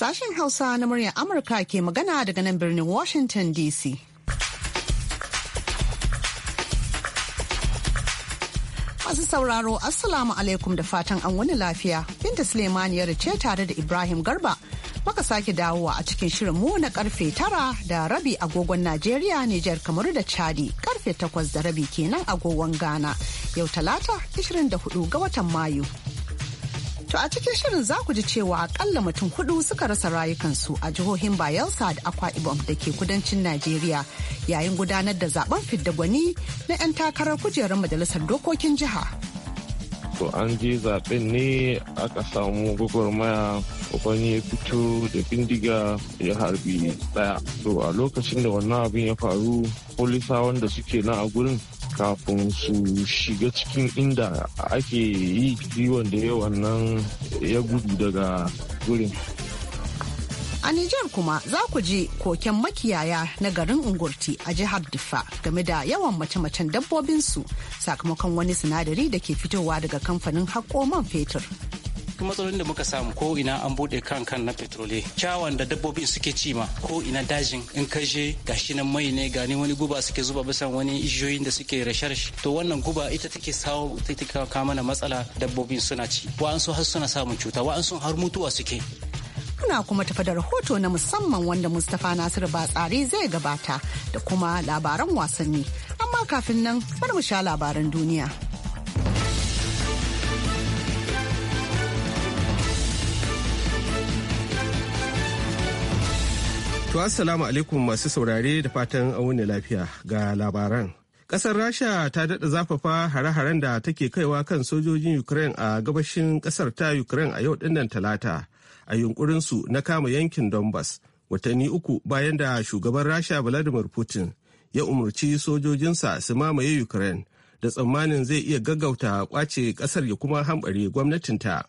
Sashen Hausa na muryar Amurka ke magana daga nan birnin Washington DC. Masu sauraro Assalamu alaikum da fatan an wani lafiya. Binta Sulemaniyar ce tare da Ibrahim Garba. Maka sake dawowa a cikin shirin mu na karfe tara da rabi agogon Najeriya, Nijar, Kamaru da Chadi. Karfe takwas da rabi kenan agogon Ghana. Yau talata 24 ga watan Mayu. To a cikin shirin za ku ji cewa akalla mutum hudu suka rasa rayukansu a jihohin Bayelsa da Akwa Ibom da ke kudancin Najeriya yayin gudanar da zaben fidda gwani na 'yan takarar kujerar majalisar dokokin jiha. to an je zaben ne aka samu gwagwarmaya wani ya fito da bindiga ya harbi daya to a lokacin da wannan abin ya faru polisa wanda suke na a gurin kafin su shiga cikin inda ake yi kiwon da yawan nan ya gudu daga gurin. A Nijar kuma za ku ji koken makiyaya na garin Ungurti a jihar Diffa game da yawan mace-macen dabbobinsu sakamakon wani sinadari da ke fitowa daga kamfanin haƙo man fetur. duk matsalolin da muka samu ko ina an bude kan kan na petrole kyawan da dabbobin suke ci ma ko ina dajin in ka je gashi nan mai ne gani wani guba suke zuba bisan wani ijiyoyin da suke rasharshi to wannan guba ita take sawo take kawo mana matsala dabbobin suna ci wa'ansu har suna samun cuta wa'ansu har mutuwa suke Kuna kuma tafa da rahoto na musamman wanda Mustapha Nasiru Batsari zai gabata da kuma labaran wasanni. Amma kafin nan bari mu sha labaran duniya. To assalamu alaikum masu saurare da fatan wuni lafiya ga labaran. Kasar Rasha ta daɗa zafafa hare-haren da take kaiwa kan sojojin Ukraine a gabashin ƙasar ta Ukraine a yau dinnan talata a yunkurinsu na kama yankin Donbass watanni uku bayan da shugaban Rasha Vladimir Putin ya umarci sojojinsa su mamaye Ukraine da tsammanin zai iya gaggauta kwace ƙasar ya kuma hambare gwamnatinta.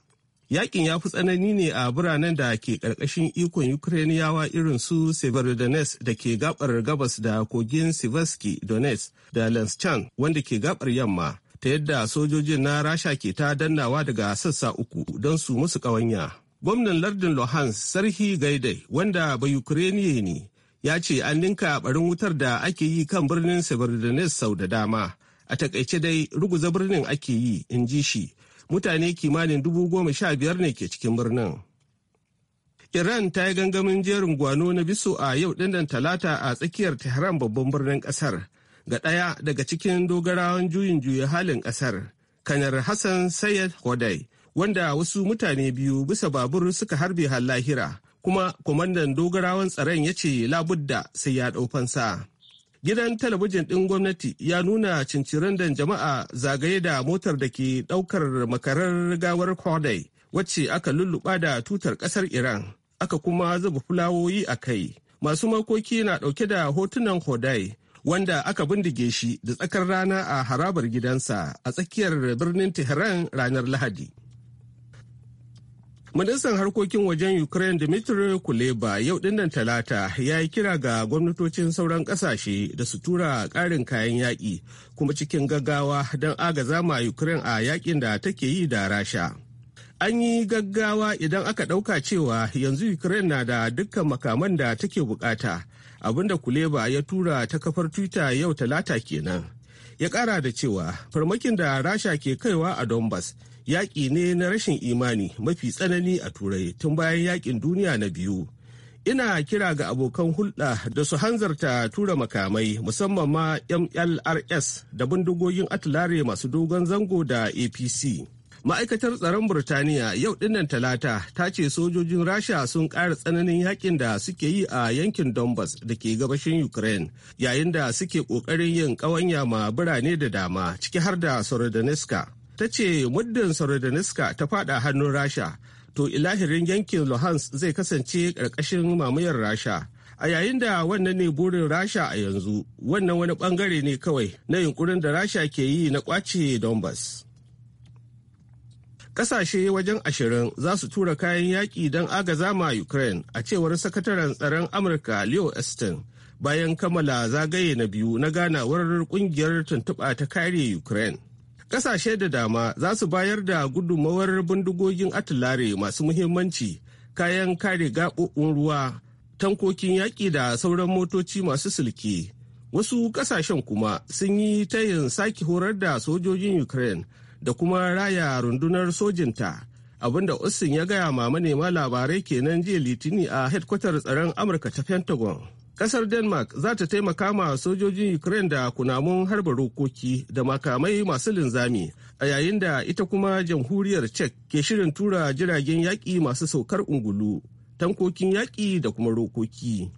Yakin ya fi tsanani ne a biranen da ke ƙarƙashin ikon Ukrainiyawa irin su Severodonetsk da ke gabar gabas da kogin Siversky Donetsk da Lenschan wanda ke gabar yamma, ta yadda sojojin na Rasha ke ta dannawa daga sassa uku don su musu ƙawanya. Gwamnan lardin lohans Sarhi Gaidai wanda bai Ukrainiya ne ya ce an ninka barin wutar da ake yi kan birnin Severodonetsk sau da dama. A takaice dai ruguza birnin ake yi, in ji shi. mutane kimanin dubu goma sha biyar ne ke cikin birnin iran ta yi gangamin jerin gwano na biso a yau dindan talata a tsakiyar tehran babban birnin kasar ga ɗaya daga cikin dogarawan juyin juya halin kasar kanar hassan sayed hodai wanda wasu mutane biyu bisa babur suka harbe har kuma kwamandan dogarawan tsaron ya ce labudda sai ya ɗau fansa. Gidan talabijin ɗin gwamnati ya nuna cincirindan jama'a zagaye da motar da ke ɗaukar makarar gawar Kwadai wacce aka lulluɓa da tutar ƙasar Iran, aka kuma zuba fulawoyi a kai. Masu makoki na ɗauke da hotunan Hodai wanda aka bindige shi da tsakar rana a harabar gidansa a tsakiyar birnin Tehran ranar Lahadi. Ministan harkokin wajen Ukraine Dmitry Kuleba yau dinnan talata ya yi kira ga gwamnatocin sauran kasashe da su tura ƙarin kayan yaƙi kuma cikin gaggawa don agaza ma Ukraine a yaƙin da take yi da Rasha. An yi gaggawa idan aka ɗauka cewa yanzu Ukraine na da dukkan makaman da take bukata abinda Kuleba ya tura ta kafar Twitter yau talata kenan. Ya ƙara da cewa farmakin da Rasha ke kaiwa a Donbass yaƙi ne na rashin imani mafi tsanani a turai tun bayan yaƙin duniya na biyu ina kira ga abokan hulɗa da su hanzarta tura makamai musamman ma mlrs da bindigogin atulare masu dogon zango da apc ma'aikatar tsaron burtaniya yau dinnan talata ta ce sojojin rasha sun ƙara tsananin yakin da suke yi a yankin donbass da ke gabashin ukraine yayin da suke ƙoƙarin yin ƙawanya ma birane da dama ciki har da sorodoniska ta ce muddin Sarodaniska ta fada hannun Rasha to ilahirin yankin Luhansk zai kasance ƙarƙashin mamayar Rasha. a yayin da wannan ne burin rasha a yanzu wannan wani bangare ne kawai na yunkurin da rasha ke yi na kwace donbas Ƙasashe wajen ashirin za su tura kayan yaƙi don agaza ma ukraine a cewar sakataren tsaron amurka leo estin bayan kammala zagaye na biyu na ganawar kungiyar tuntuɓa ta kare ukraine Ƙasashe da dama za su bayar da gudummawar bindigogin atilare masu muhimmanci, kayan kare gaɓoɓin ruwa, tankokin yaƙi da sauran motoci masu silki. Wasu ƙasashen kuma sun yi tayin sake horar da sojojin Ukraine da kuma raya rundunar sojinta. abinda Austin ya gaya ma manema labarai kenan jiya litini a hedkwatar tsaron Amurka ta Pentagon. Kasar Denmark za ta taimaka ma sojojin Ukraine da kunamun harba rokoki da makamai masu linzami a yayin da ita kuma jamhuriyar Czech ke shirin tura jiragen yaƙi masu saukar ungulu, tankokin yaƙi da kuma rokoki.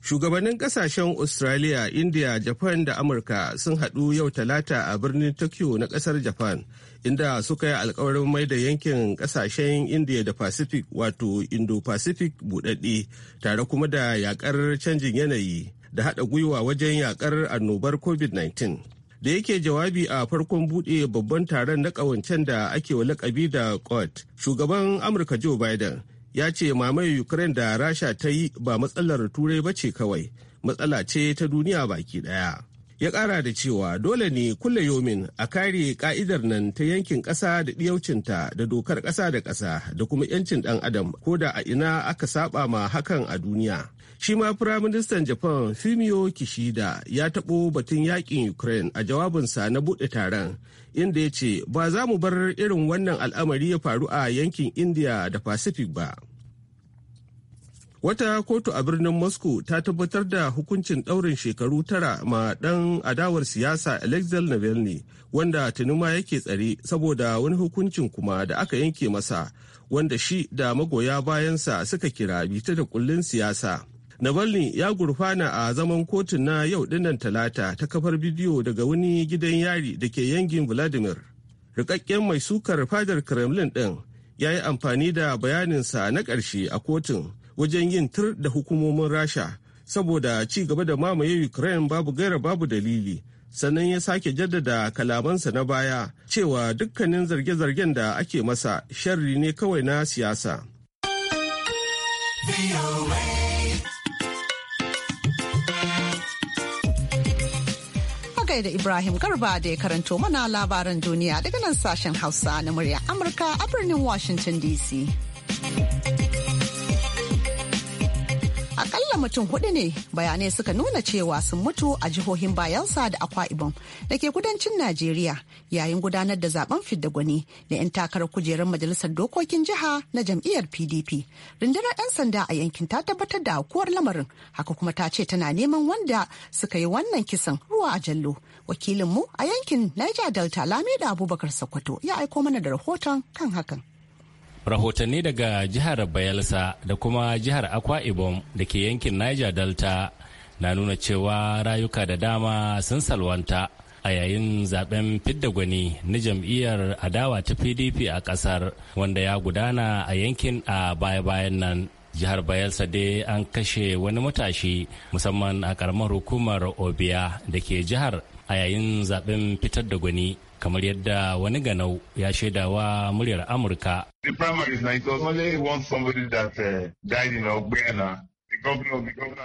Shugabannin kasashen Australia, India, Japan da Amurka sun haɗu yau talata a birnin Tokyo na ƙasar Japan, inda suka yi alkawarin mai da yankin ƙasashen India da Pacific wato Indo-Pacific buɗaɗɗe tare kuma da yakar canjin yanayi da haɗa gwiwa wajen yaƙar annobar COVID-19. Da yake jawabi a farkon buɗe babban taron na ƙawancen da ake wa lakabi da COT, shugaban Amurka Joe Biden ya ce mamaye ukraine da rasha ta yi ba matsalar turai ba ce kawai matsala ce ta duniya baki daya ya kara da cewa dole ne kulle yomin a kare ka'idar nan ta yankin ƙasa da ɗiyaucinta da dokar ƙasa da ƙasa da kuma 'yancin ɗan adam ko da a ina aka saba ma hakan a duniya shi ma firaministan japan fumio kishida ya taɓo batun yaƙin ukraine a jawabinsa na buɗe taron inda ya ce ba za mu bar irin wannan al'amari ya faru a yankin india da pacific ba Wata kotu a birnin Moscow ta tabbatar da hukuncin ɗaurin shekaru tara ma ɗan adawar siyasa Alexei Navalny wanda tunuma yake tsare saboda wani hukuncin kuma da aka yanke masa wanda shi da magoya bayansa suka kira bita da kullun siyasa. Navalny ya gurfana a zaman kotun na yau dinnan talata ta kafar bidiyo daga wani gidan yari da ke yangin Vladimir. Rikakken mai sukar fadar Kremlin ɗin ya yi amfani da bayaninsa na ƙarshe a kotun wajen yin tur da hukumomin rasha saboda ci gaba da mamaye ukraine babu gaira babu dalili sannan ya sake jaddada kalamansa na baya cewa dukkanin zarge-zargen da ake masa sharri ne kawai na siyasa da Ibrahim Garba da ya karanto mana labaran duniya daga nan sashen Hausa na murya Amurka a birnin Washington DC. mutum hudu ne bayanai suka nuna cewa sun mutu a jihohin bayelsa da akwa ibom da ke kudancin najeriya yayin gudanar da zaben fidda gwani na 'yan takarar kujerar majalisar dokokin jiha na jam'iyyar pdp rundunar 'yan sanda a yankin ta tabbatar da aukuwar lamarin haka kuma ta ce tana neman wanda suka yi wannan kisan ruwa a jallo wakilinmu a yankin niger delta lamida abubakar sokoto ya aiko mana da rahoton kan hakan rahotanni daga jihar bayelsa da kuma jihar akwa ibom da ke yankin niger delta na nuna cewa rayuka da dama sun salwanta a yayin zaben fidda gwani na jam'iyyar adawa ta pdp a kasar wanda ya gudana a yankin a baya-bayan nan jihar bayelsa dai an kashe wani matashi musamman a karamar hukumar obia da ke jihar a yayin zaben fitar da gwani kamar yadda wani ganau ya shaida wa muryar amurka The primary is na it was only one somebody that uh, died in Ogbena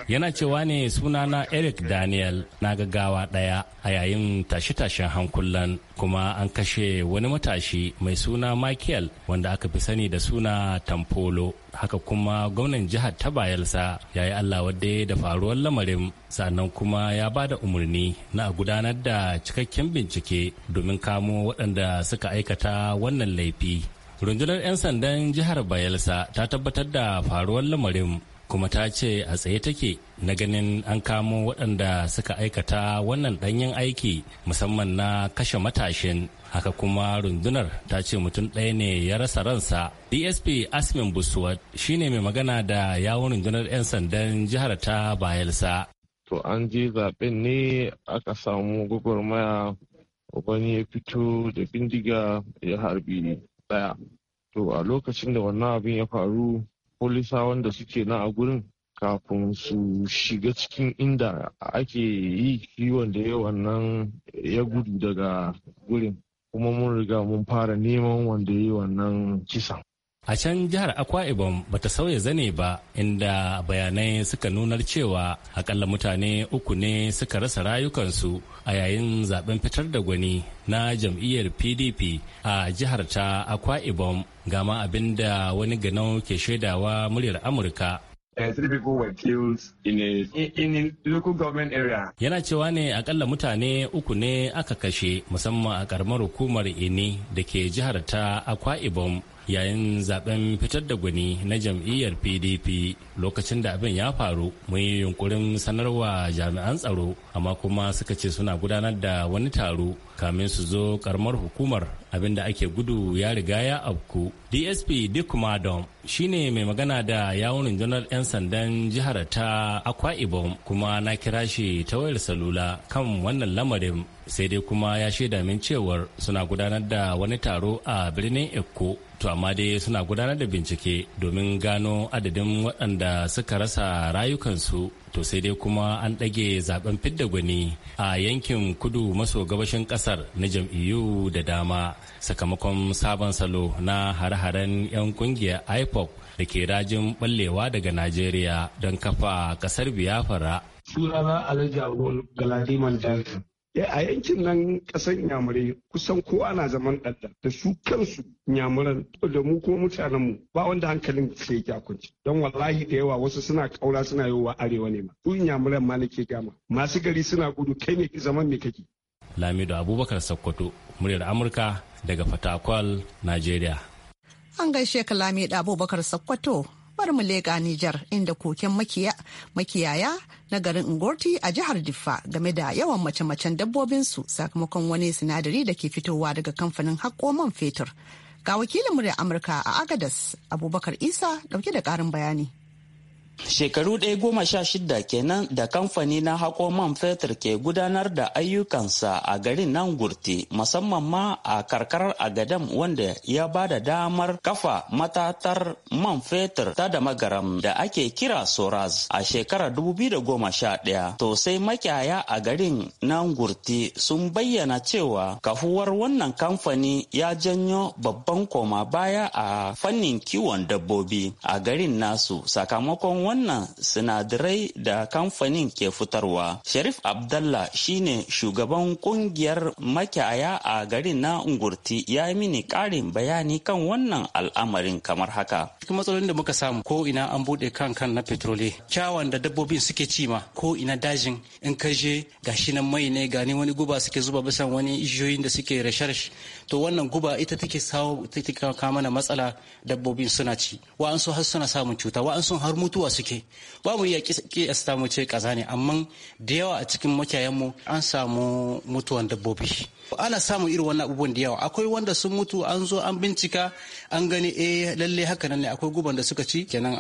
Yana cewa ne sunana Eric Daniel na gaggawa ɗaya a yayin tashe-tashen hankulan kuma an kashe wani matashi mai suna Michael wanda aka fi sani da suna Tampolo. Haka kuma gwamnan jihar ta bayelsa ya yi Allah wadda da faruwar lamarin sannan kuma ya ba da umarni na gudanar da cikakken bincike domin kamo waɗanda suka aikata wannan laifi. Rundunar 'yan sandan jihar Bayelsa ta tabbatar da faruwar lamarin kuma ta ce a tsaye take na ganin an kamo waɗanda suka aikata wannan ɗanyen aiki musamman na kashe matashin haka kuma rundunar ta ce mutum ɗaya ne ya rasa ransa dsp asmin buswat shine mai magana da yawon rundunar 'yan sandan jihar ta bayelsa to an je zaɓen ne aka samu gwagwarmaya wani ya fito da bindiga ya harbi ɗaya to a lokacin da wannan abin ya faru polisa wanda suke na a gurin kafin su shiga cikin inda ake yi kiwon da ya wannan ya gudu daga gurin kuma mun riga mun fara neman wanda ya yi wannan kisan A can jihar Akwa Ibom bata sauya zane ba inda bayanai suka nunar cewa akalla mutane uku ne suka rasa rayukansu a yayin zaben fitar da gwani na jam'iyyar PDP a jihar ta Akwa Ibom gama abin da wani ganau ke shaidawa muryar Amurka. Yana cewa ne akalla mutane uku ne aka kashe musamman a karamar hukumar Ini da ke jihar ta Akwa Ibom yayin zaben fitar da gwani na jam'iyyar pdp lokacin da abin ya faru mun yi yunkurin sanarwa jami'an tsaro amma kuma suka ce suna gudanar da wani taro kamin su zo karamar hukumar abin da ake gudu ya riga ya afku dsp dick madon shine mai magana da yawon rundunar 'yan sandan jihar ta akwa ibom kuma na kira shi ta wayar salula kan wannan lamarin sai dai kuma ya shaida min cewar suna gudanar da wani taro a birnin ekko to amma dai suna gudanar da bincike domin gano adadin waɗanda suka rasa rayukansu to sai dai kuma an ɗage zaben fidda gwani a yankin kudu maso gabashin ƙasar na jam'iyyu da dama sakamakon sabon salo na hare-haren 'yan ƙungiyar ipoc da ke rajin ɓallewa daga najeriya don kafa ƙasar biyafara sunana alhaji galadiman Eh, a yankin nan kasar nyamurai, kusan ko ana zaman ɗanɗa da su kansu nyamuran, da mu kuma mutanenmu ba wanda hankalin sai ya kunci don wallahi da yawa wasu suna kaura suna yowa arewa ne ma ku nyamuran ma nake gama masu gari suna gudu kai ne zaman me kake. Lamido Abubakar Sokoto muryar Amurka daga Fatakwal, Najeriya. An gaishe ka Lamido Abubakar Sokoto gabar mu Nijar inda koken makiyaya na garin Ngorti a jihar Diffa game da yawan mace-macen dabbobin su sakamakon wani sinadari da ke fitowa daga kamfanin haƙo man fetur. Ga wakilin murya Amurka a Agadas Abubakar Isa dauke da ƙarin bayani. Shekaru ɗaya goma sha shida kenan da kamfani na hako man fetur ke gudanar da ayyukansa a garin nan gurti musamman ma a karkarar agadam wanda ya ba da damar kafa matatar man fetur ta da magaram da ake kira soraz a shekarar 2011 to sai makiyaya a garin nan gurti sun bayyana cewa kafuwar wannan kamfani ya janyo babban koma baya a fannin kiwon dabbobi a garin nasu sakamakon wannan sinadarai da kamfanin ke fitarwa. Sharif Abdallah shine shugaban kungiyar makiyaya a garin na Ungurti ya yi mini ƙarin bayani kan wannan al'amarin kamar haka. Cikin matsalolin da muka samu ko ina an buɗe kan kan na fetroli kyawan da dabbobin suke ci ma ko ina dajin in ka je gashi nan mai ne gani wani guba suke zuba bisan wani ijiyoyin da suke rashe to wannan guba ita take sawo take kawo mana matsala dabbobin suna ci wa'ansu har suna samun cuta wa'ansu har mutuwa suke ba mu iya kiyasta mu ce kaza ne amma da yawa a cikin makiyayan mu an samu mutuwan dabbobi ana samun irin wannan abubuwan da yawa akwai wanda sun mutu an zo an bincika an gani eh lalle haka nan ne akwai guban da suka ci kenan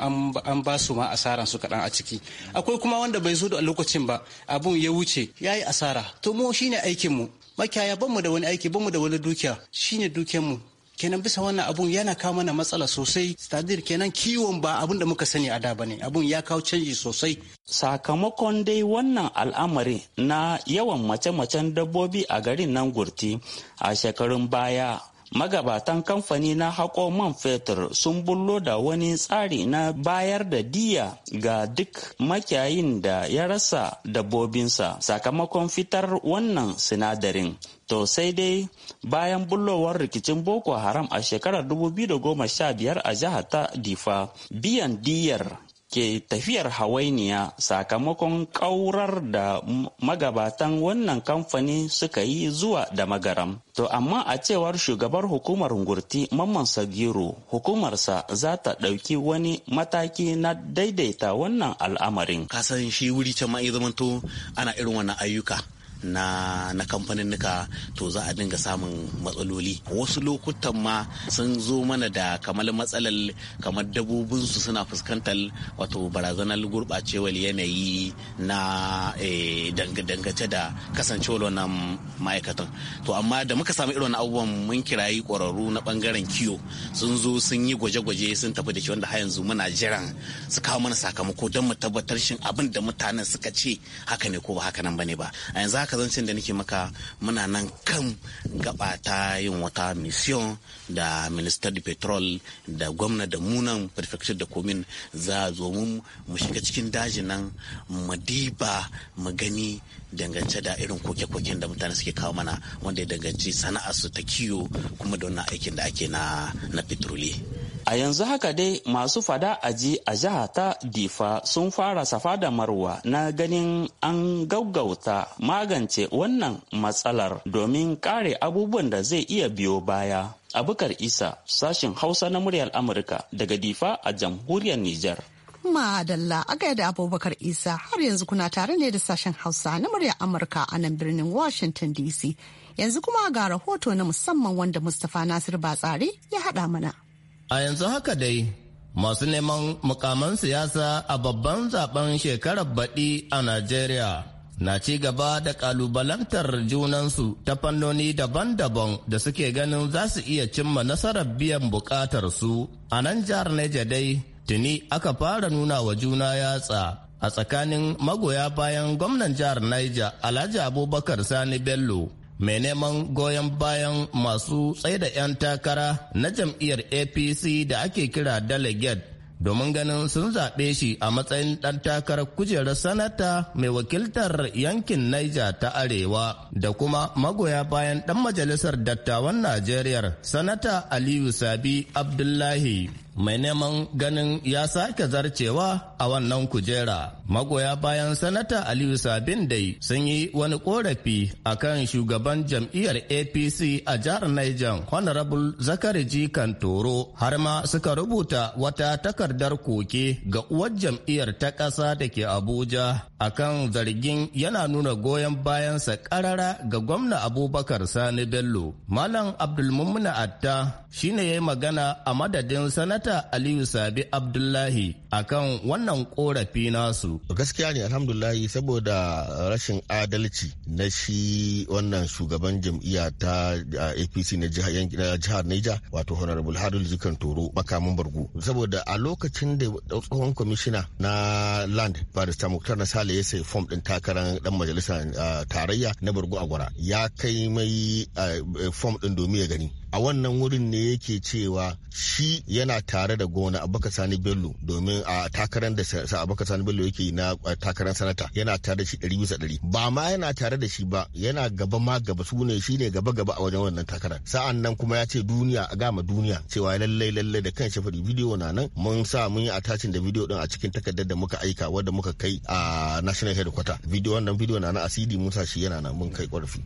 an ba su ma asaran su kaɗan a ciki akwai kuma wanda bai zo da lokacin ba abun ya wuce yayi asara to mu shine aikin mu makiyaya ban mu da wani aiki ban mu da wani dukiya shine dukiyar mu kenan bisa wannan abun yana kawo mana matsala sosai stadir kenan kiwon ba abun da muka sani a da bane abun ya kawo canji sosai sakamakon dai wannan al'amari na yawan mace-macen dabbobi a garin nan gurti a shekarun baya magabatan kamfani na haƙo man fetur sun bullo da wani tsari na bayar da diya ga duk makiyayin da ya rasa dabbobinsa sakamakon fitar wannan sinadarin to sai dai bayan bullowar rikicin boko haram a shekarar 2015 a jihar ta difa biyan diyar ke tafiyar hawainiya sakamakon ƙaurar da magabatan wannan kamfani suka yi zuwa da magaram. To amma a cewar shugabar hukumar ngurti Mamman Sagiru hukumarsa za ta ɗauki wani mataki na daidaita wannan al'amarin. Kasan shi wuri can ma zamanto ana irin wannan ayyuka. na na kamfaninnika to za a dinga samun matsaloli wasu lokutan ma sun zo mana da kamar matsalar kamar dabobinsu suna fuskantar wato barazanar gurɓacewar yanayi na eh, dangace da kasancewar wannan ma'aikatan to amma da muka samu irin abubuwan mun kirayi kwararru na bangaren kiyo sun zo sun yi gwaje-gwaje sun tafi da shi wanda har yanzu muna jiran su kawo mana sakamako don mu tabbatar shin abin da mutanen suka ce haka ne ko ba haka nan bane ba a yanzu haka haka zancen da nake maka muna nan kan gaba ta yin wata mission da minister de petrol da gwamna da munan prefecture da komin za a zo mu shiga cikin daji nan mu diba mu gani dangance da irin koke-koken da mutane suke kawo mana wanda ya danganci su ta kiyo kuma da wannan aikin da ake na na petroli A yanzu haka dai masu fada aji a jiha ta Difa sun fara safa da marwa na ganin an gaggauta magance wannan matsalar domin kare abubuwan da zai iya biyo baya. Abukar Isa sashin Hausa na muryar Amurka daga Difa a jamhuriyar Nijar. Madalla a da Abubakar Isa har yanzu kuna tare ne da sashen Hausa na muryar Amurka a nan birnin Washington DC. Yanzu kuma ga rahoto na musamman wanda Mustapha Nasir Batsari ya haɗa mana. A yanzu haka dai, masu neman mukaman siyasa a babban zaben shekarar baɗi a Najeriya na ci gaba da ƙalubalantar junansu ta fannoni daban-daban da suke ganin za su iya cimma nasarar biyan buƙatar su. A nan jihar Neja dai, tuni aka fara nuna wa juna yatsa a tsakanin magoya bayan gwamnan jihar Niger Alhaji Abubakar Sani Bello mai neman goyon bayan masu da 'yan takara na jam'iyyar apc da ake kira delegate domin ganin sun zaɓe shi a matsayin ɗan takarar kujerar sanata mai wakiltar yankin Niger ta arewa da kuma magoya bayan ɗan majalisar dattawan najeriya sanata aliyu sabi abdullahi mai neman ganin ya sake zarcewa a wannan kujera. Magoya bayan Sanata Aliyu Sabin dai sun yi wani korafi a kan shugaban jam'iyyar APC a jihar Niger Honorable Zakari G. Kantoro har ma suka rubuta wata takardar koke ga uwar jam'iyyar ta ƙasa da ke Abuja a kan zargin yana nuna goyon bayansa ƙarara ga gwamna Abubakar Sani Bello. Malam Abdulmumna Atta shine ya yi magana a madadin Sanata sanata aliyu sabi abdullahi akan wannan korafi nasu. Gaskiya ne alhamdulahi saboda rashin adalci na shi wannan shugaban jam'iyya ta APC na jihar Niger wato Honorable Hadul Zikan Toro makamin bargo. Saboda a lokacin da tsohon kwamishina na land barista Muktar na Sale ya sai fom din takarar dan majalisar tarayya na bargo a gwara ya kai mai fom din domin ya gani. A wannan wurin ne yake cewa shi yana tare da gona baka Sani Bello domin a takarar da abubakar sani bello yake na takarar sanata yana tare da shi ɗari bisa ɗari ba ma yana tare da shi ba yana gaba ma gaba su ne shi ne gaba gaba a wajen wannan takarar sa'an nan kuma ya ce duniya a gama duniya cewa lallai lallai da kan shafari bidiyo na nan mun sa mun yi attachin da bidiyo din a cikin takardar da muka aika wadda muka kai a national headquarter bidiyo wannan bidiyo na nan a cd musa shi yana nan mun kai ƙorafi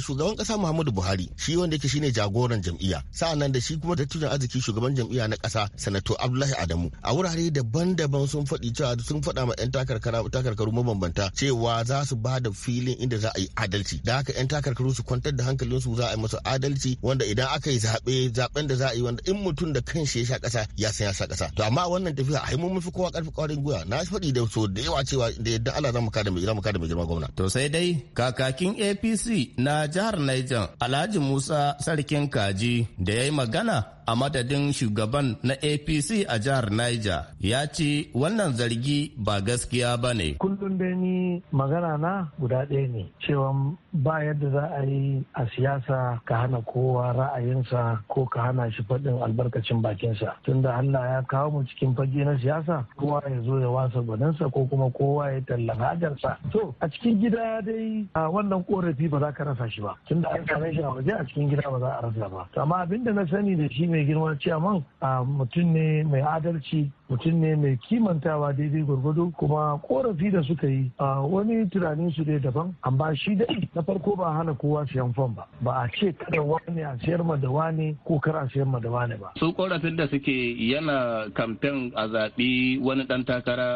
shugaban ƙasa muhammadu buhari shi wanda yake shine jagoran jam'iyya sa'an nan da shi kuma dattijan arziki shugaban jam'iyya na ƙasa sanato abdullahi adamu a wurare daban daban-daban sun faɗi cewa sun faɗa ma 'yan takarkaru mabambanta cewa za su ba da filin inda za a yi adalci da haka 'yan takarkaru su kwantar da hankalinsu za a yi masa adalci wanda idan aka yi zaɓe zaɓen da za a yi wanda in mutum da shi ya sha ƙasa ya san ya sha ƙasa to amma wannan tafiya a mun fi kowa ƙarfi ƙwarin gwiwa na faɗi da so da yawa cewa da yadda Allah za mu kada mai mu kada mai girma gwamna. To sai dai kakakin APC na jihar Niger Alhaji Musa Sarkin Kaji da ya yi magana a madadin shugaban na apc a jihar niger ya ce wannan zargi ba gaskiya ba ne kullum dai ni magana na guda ɗaya ne cewa ba yadda za a yi a siyasa ka hana kowa ra'ayinsa ko ka hana shi faɗin albarkacin bakinsa tunda Allah ya kawo mu cikin fage na siyasa kowa ya zo ya wasa gwaninsa ko kuma kowa ya talla hajarsa to a cikin gida dai a wannan korafi ba za ka rasa shi ba tunda an same shi a waje a cikin gida ba za a rasa ba amma abinda na sani da shi mai girma ciyaman mutum ne mai adalci mutum ne mai kimantawa daidai gwargwado kuma korafi da suka yi a wani tunanin su dai daban amma shi dai na farko ba hana kowa siyan fam ba ba a ce kada wani a siyar ma da wani ko kar a siyar ma da wani ba su korafin da suke yana kamfen a zaɓi wani ɗan takara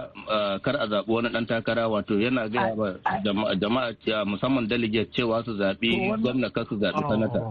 kar a zaɓi wani ɗan takara wato yana gaya ba jama'a musamman delegate cewa su zaɓi gwamna kar su zaɓi sanata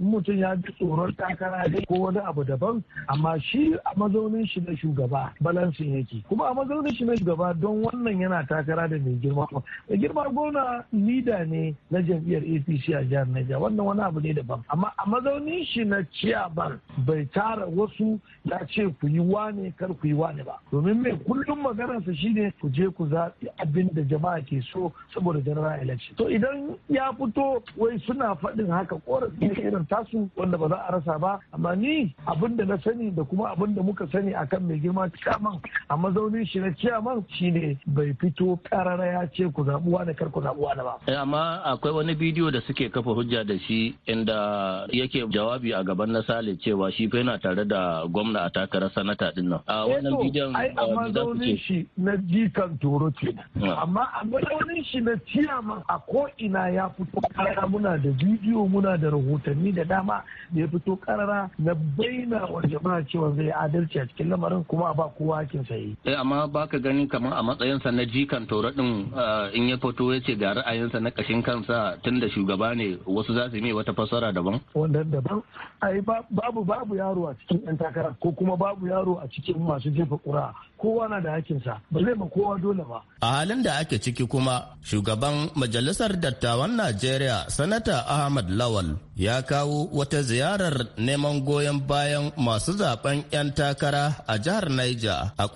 mutum ya ji tsoron takara ko wani abu daban amma shi a mazaunin shi ne da shugaba balansin yake kuma a mazaunin shi na shugaba don wannan yana takara da mai girma mai girma gona lida ne na jam'iyyar apc a jihar niger wannan wani abu ne daban amma a mazaunin shi na ciyaban bai tara wasu ya ce ku yi wane kar ku yi wane ba domin mai kullum maganarsa shine ku je ku zaɓi abin da jama'a ke so saboda general election to idan ya fito wai suna faɗin haka korafi irin tasu wanda ba za a rasa ba amma ni abin da na sani da kuma abin da muka sani akan mai girma ciyaman a mazaunin shi na ciyaman shine bai fito karara ya ce ku zaɓi wani kar ku zaɓi wani ba. Eh, amma akwai wani bidiyo da suke kafa hujja da shi inda yake jawabi a gaban na sale cewa shi fa yana tare da gwamna a takarar sanata din nan. a eh, wannan bidiyon a eh, mazaunin shi na jikan toro ke hmm. amma a mazaunin shi na ciyaman a ko ina ya fito karara muna da bidiyo muna da rahotanni da dama da ya fito karara na baina wa jama'a cewa zai adalci a cikin lamarin tauran kuma a ba kowa hakin sai eh amma baka ganin kamar a matsayinsa na jikan taura din eh, in ya fito ya ce ga ra'ayinsa na kashin kansa tunda shugaba ne wasu za su yi wata fasara daban Wanda daban ai babu babu yaro a cikin yan takara ko kuma babu yaro a cikin masu jefa kura kowa na da hakinsa ba zai ma kowa dole ba a halin da ake ciki kuma shugaban majalisar dattawan najeriya sanata ahmad lawal ya kawo wata ziyarar neman goyon bayan masu zaben yan takara a jihar Niger a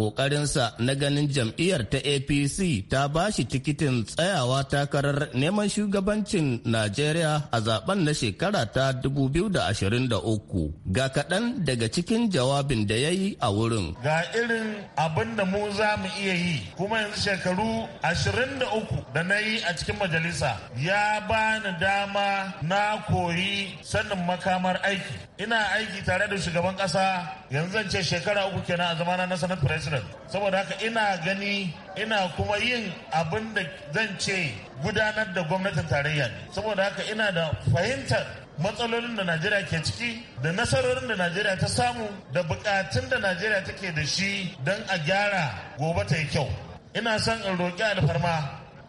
sa na ganin jam'iyyar ta APC ta ba shi tikitin tsayawa takarar neman shugabancin Najeriya a zaben na shekara ta 2023. Ga kaɗan daga cikin jawabin da ya yi a wurin. Ga irin abin da mu za mu iya yi kuma yanzu shekaru 23 da na yi a cikin majalisa ya ba ni dama na koyi sanin makamar aiki. Ina aiki tare da shugaban ƙasa yanzu zan ce shekara uku kenan a zamana na sanar president saboda haka ina gani ina kuma yin abin da zan ce gudanar da gwamnatin tarayya ne saboda haka ina da fahimtar matsalolin da najeriya ke ciki da nasarorin da najeriya ta samu da bukatun da najeriya take da shi don a gyara gobe ta yi kyau ina son in roƙi alfarma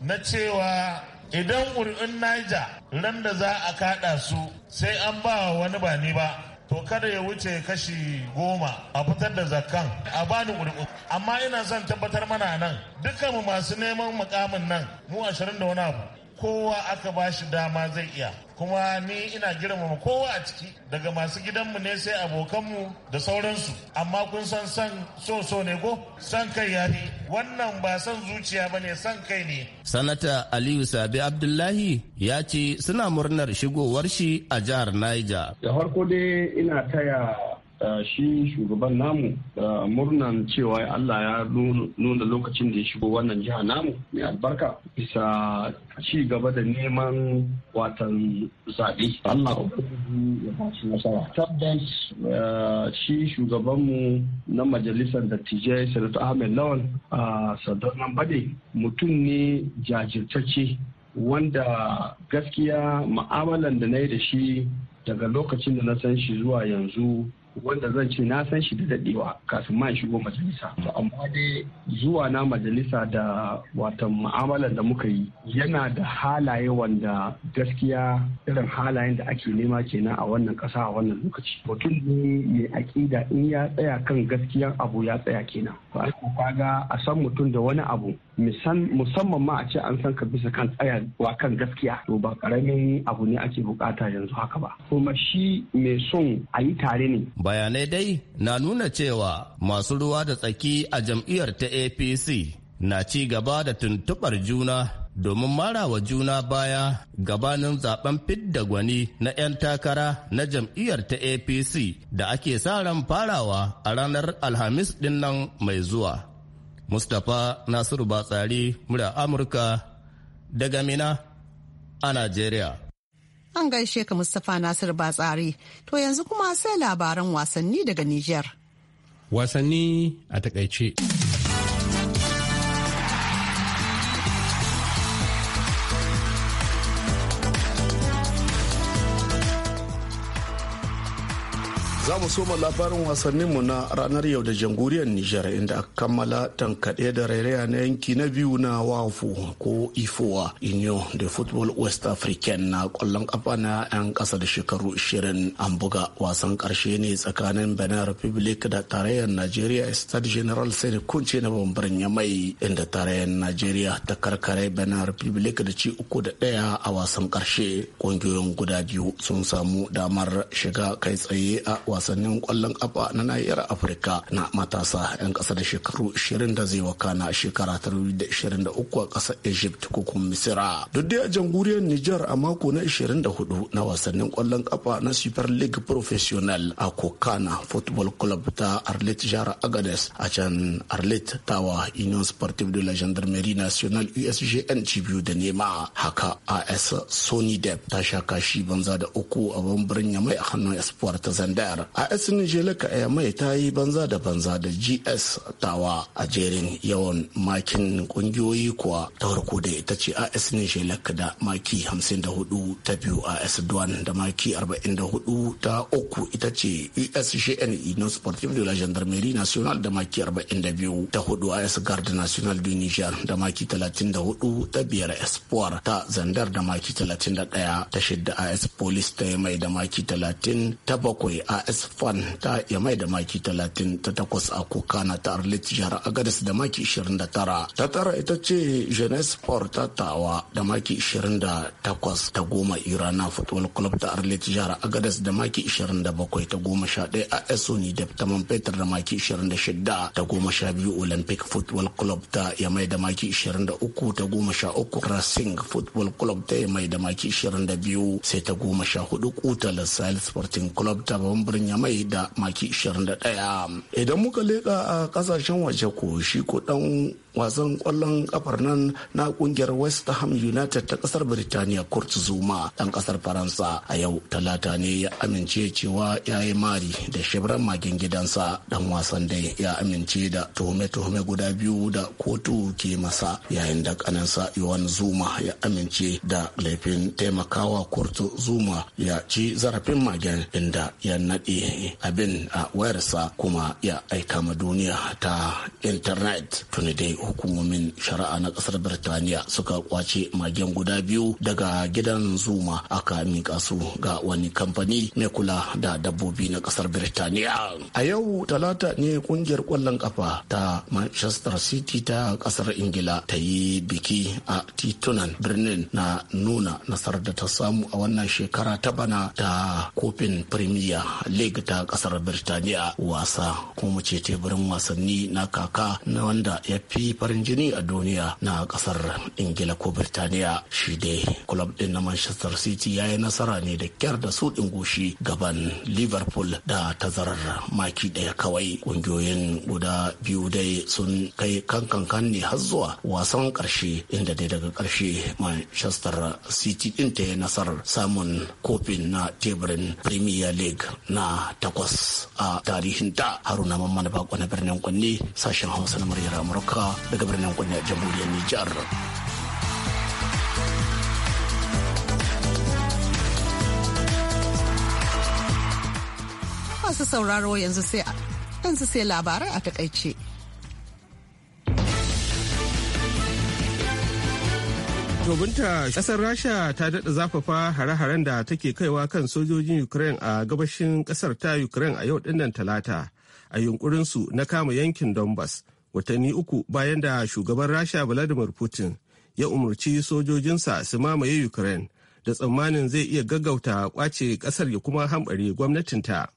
na cewa idan ƙuri'un niger randa za a kaɗa su sai an ba wani ba ni ba to kada ya wuce kashi goma a fitar da zakkan a bani ƙuri'u amma ina son tabbatar mana nan dukkan masu neman mukamin nan mu ashirin da wani abu kowa aka bashi dama zai iya kuma ni ina girmama kowa a ciki daga masu gidanmu ne sai abokanmu da sauransu amma kun san san so so ne ko san kai ya ne wannan ba san zuciya ba ne san kai ne sanata aliyu sabi abdullahi ya ce suna murnar shigowar shi a jihar niger da farko dai ina taya Eh, shi shugaban namu eh, murnan cewa Allah ya nuna lokacin da ya shigo wannan jiha namu mai albarka bisa ci gaba da neman watan zaɓe. Allah ya bashi nasara. Tabbas eh, shi shugaban mu na majalisar dattijai Sanatu Ahmed Lawan a Sadarnan Bade mutum ne jajirtacce wanda gaskiya ma'amalan da na yi da shi daga lokacin da na san shi zuwa yanzu wanda zan ce na san shi da dadewa kafin ma shigo majalisa to amma dai zuwa na majalisa da watan mu'amalar da muka yi yana da halaye wanda gaskiya irin halayen da ake nema kenan a wannan kasa a wannan lokaci mutum ne mai aƙida in ya tsaya kan gaskiyan abu ya tsaya kenan ba kaga a san mutum da wani abu musamman ma a ce an san ka bisa kan tsayawa kan gaskiya to ba karamin abu ne ake bukata yanzu haka ba kuma shi mai son a yi tare ne bayanai dai na nuna cewa masu ruwa da tsaki a jam'iyyar ta apc na ci gaba da tuntuɓar juna domin marawa juna baya gabanin zaben fidda gwani na 'yan takara na jam'iyyar ta apc da ake sa ran farawa a ranar alhamis din nan mai zuwa mustapha nasiru batsari murya amurka daga mina a najeriya An gaishe ka Mustapha Nasir Batsari. To yanzu kuma sai labaran wasanni daga Nijar. Wasanni a takaice. Za mu soma labarin wasannin mu na ranar yau da jamhuriyar Nijar inda aka kammala tankaɗe da rairaya na yanki na biyu na wafu ko ifowa Union de Football West African na ƙwallon ƙafa na 'yan ƙasa da shekaru 20 an buga wasan karshe ne tsakanin Benin Republic da tarayyar nigeria state General Sani Kunce na bambarin mai inda tarayyar nigeria ta karkare Benin Republic da ci uku da ɗaya a wasan karshe Ƙungiyoyin guda biyu sun samu damar shiga kai tsaye a wasannin kwallon kafa na nahiyar afirka na matasa 'yan kasa da shekaru 20 da zai wakana shekara ta 23 a ƙasar egypt ko kuma misira duk da jamhuriyar niger a mako na 24 na wasannin kwallon kafa na super league professional a kokana football club ta arlet jara agades a can arlet tawa union sportive de la gendarmerie nationale usgn cibiyu da nema haka as sony dep ta sha kashi banza da uku a bambarin ya mai a hannun espoir ta zandar AS Nijelaka mai ta yi banza da banza da GS tawa a jerin yawan makin kungiyoyi kuwa ta farko da ita ce AS Nijelaka da maki 54 ta biyu AS Duan da maki 44 ta uku ita ce USGN e Union Sportive de la Gendarmerie Nationale da maki 42 ta hudu AS Garde National du Niger da maki 34 ta biyar Espoir ta Zandar da maki 31 ta shidda AS Police ta yi mai da maki 30 ta bakwai AS as fan ta mai da maki 38 ta takwas a kokana ta arlit jihar Agadis da maki 29 ta tara ita ce jeunesse sport ta tawa da maki 28 ta goma irana football club ta arlit jihar Agadis da maki 27 ta goma sha ɗaya a esoni da ta man da maki 26 ta goma sha biyu olympic football club ta iya mai da maki 23 ta goma sha uku racing football club ta iya mai da maki 22 sai ta goma sha hudu kuta sporting club ta bambarin birnin mai da maki 21. Idan muka leƙa a kasashen waje ko shi ko ɗan wasan kwallon kafar nan na kungiyar west ham united ta kasar birtaniya kurt zuma dan kasar faransa a yau talata ne ya amince cewa ya yi mari da shibiran magin gidansa dan wasan dai ya amince da tuhume-tuhume guda biyu da kotu ke masa yayin da kanansa yawan zuma ya amince da laifin taimakawa kurt zuma ya ci zarafin magen inda ya naɗe abin a wayarsa kuma ya aika ma duniya ta intanet tuni dai hukumomin shari'a na kasar birtaniya suka kwace magen guda biyu daga gidan zuma aka mika su ga wani kamfani mai kula da dabbobi na kasar birtaniya a yau talata ne kungiyar kwallon kafa ta manchester city ta kasar ingila ta yi biki a titunan birnin na nuna nasarar da ta samu a wannan shekara ta bana ta kofin premier league ta kasar birtaniya wasa kuma ce teburin wasanni na kaka na wanda ya fi farin jini a duniya na kasar ingila ko birtaniya shi dai club din na manchester city ya yi nasara ne da kyar da su goshi gaban liverpool da tazarar maki daya kawai kungiyoyin guda biyu dai sun kai kankan ne har zuwa wasan karshe inda dai daga karshe manchester city din ta yi nasarar samun kofin na teburin premier league na takwas a tarihin ta haruna mamman bako na birnin kunne sashen hausa na muryar amurka daga birnin kunne a jamhuriyar nijar masu sauraro yanzu sai labarai a takaice. To binta kasar Rasha ta daɗa zafafa hare-haren da take kaiwa kan sojojin Ukraine a gabashin ƙasar ta Ukraine a yau dinnan talata a yunƙurinsu na kama yankin Donbass watanni uku bayan da shugaban Rasha Vladimir Putin ya umarci sojojinsa su mamaye Ukraine da tsammanin zai iya gaggauta kwace ƙasar ya kuma hambare gwamnatinta.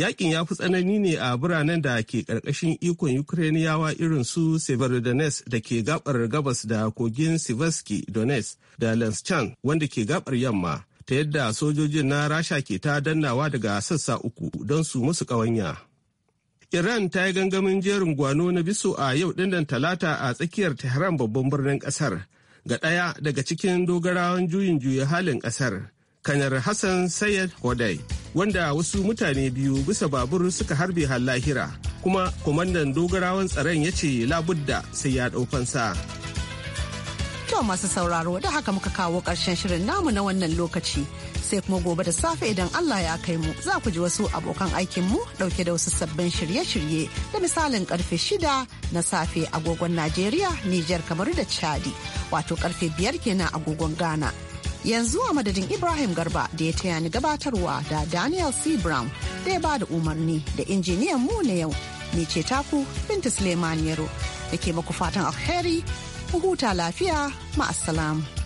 Yakin ya fi tsanani ne a biranen da ke ƙarƙashin ikon Ukrainiyawa irin su Severodonetsk da ke gabar gabas da kogin sivaski Donetsk da lanschan wanda ke gabar yamma ta yadda sojojin na Rasha ke ta dannawa daga sassa uku don su musu ƙawanya. Iran ta yi gangamin jerin gwano na biso a yau dindin talata a tsakiyar Tehran babban birnin ƙasar ga ɗaya daga cikin dogarawan juyin juya halin ƙasar. kanar Hassan Sayed Hodai, wanda wasu mutane biyu bisa babur suka harbe lahira kuma kwamandan dogarawan tsaron ya ce labudda sai ya ɗaukansa. To masu sauraro da haka muka kawo ƙarshen shirin namu na wannan lokaci sai kuma gobe da safe idan Allah ya kai mu za ku ji wasu abokan aikinmu ɗauke da wasu sabbin shirye-shirye da misalin karfe shida na safe agogon Najeriya, Nijar kamar da Chadi wato karfe biyar kenan agogon Ghana. yanzu a madadin ibrahim garba da ya taya ni gabatarwa da daniel c brown da ya ba da umarni da injiniyan mu na yau ne ce taku binta suleiman yaro da ke maku fatan alheri huta lafiya ma'asalam.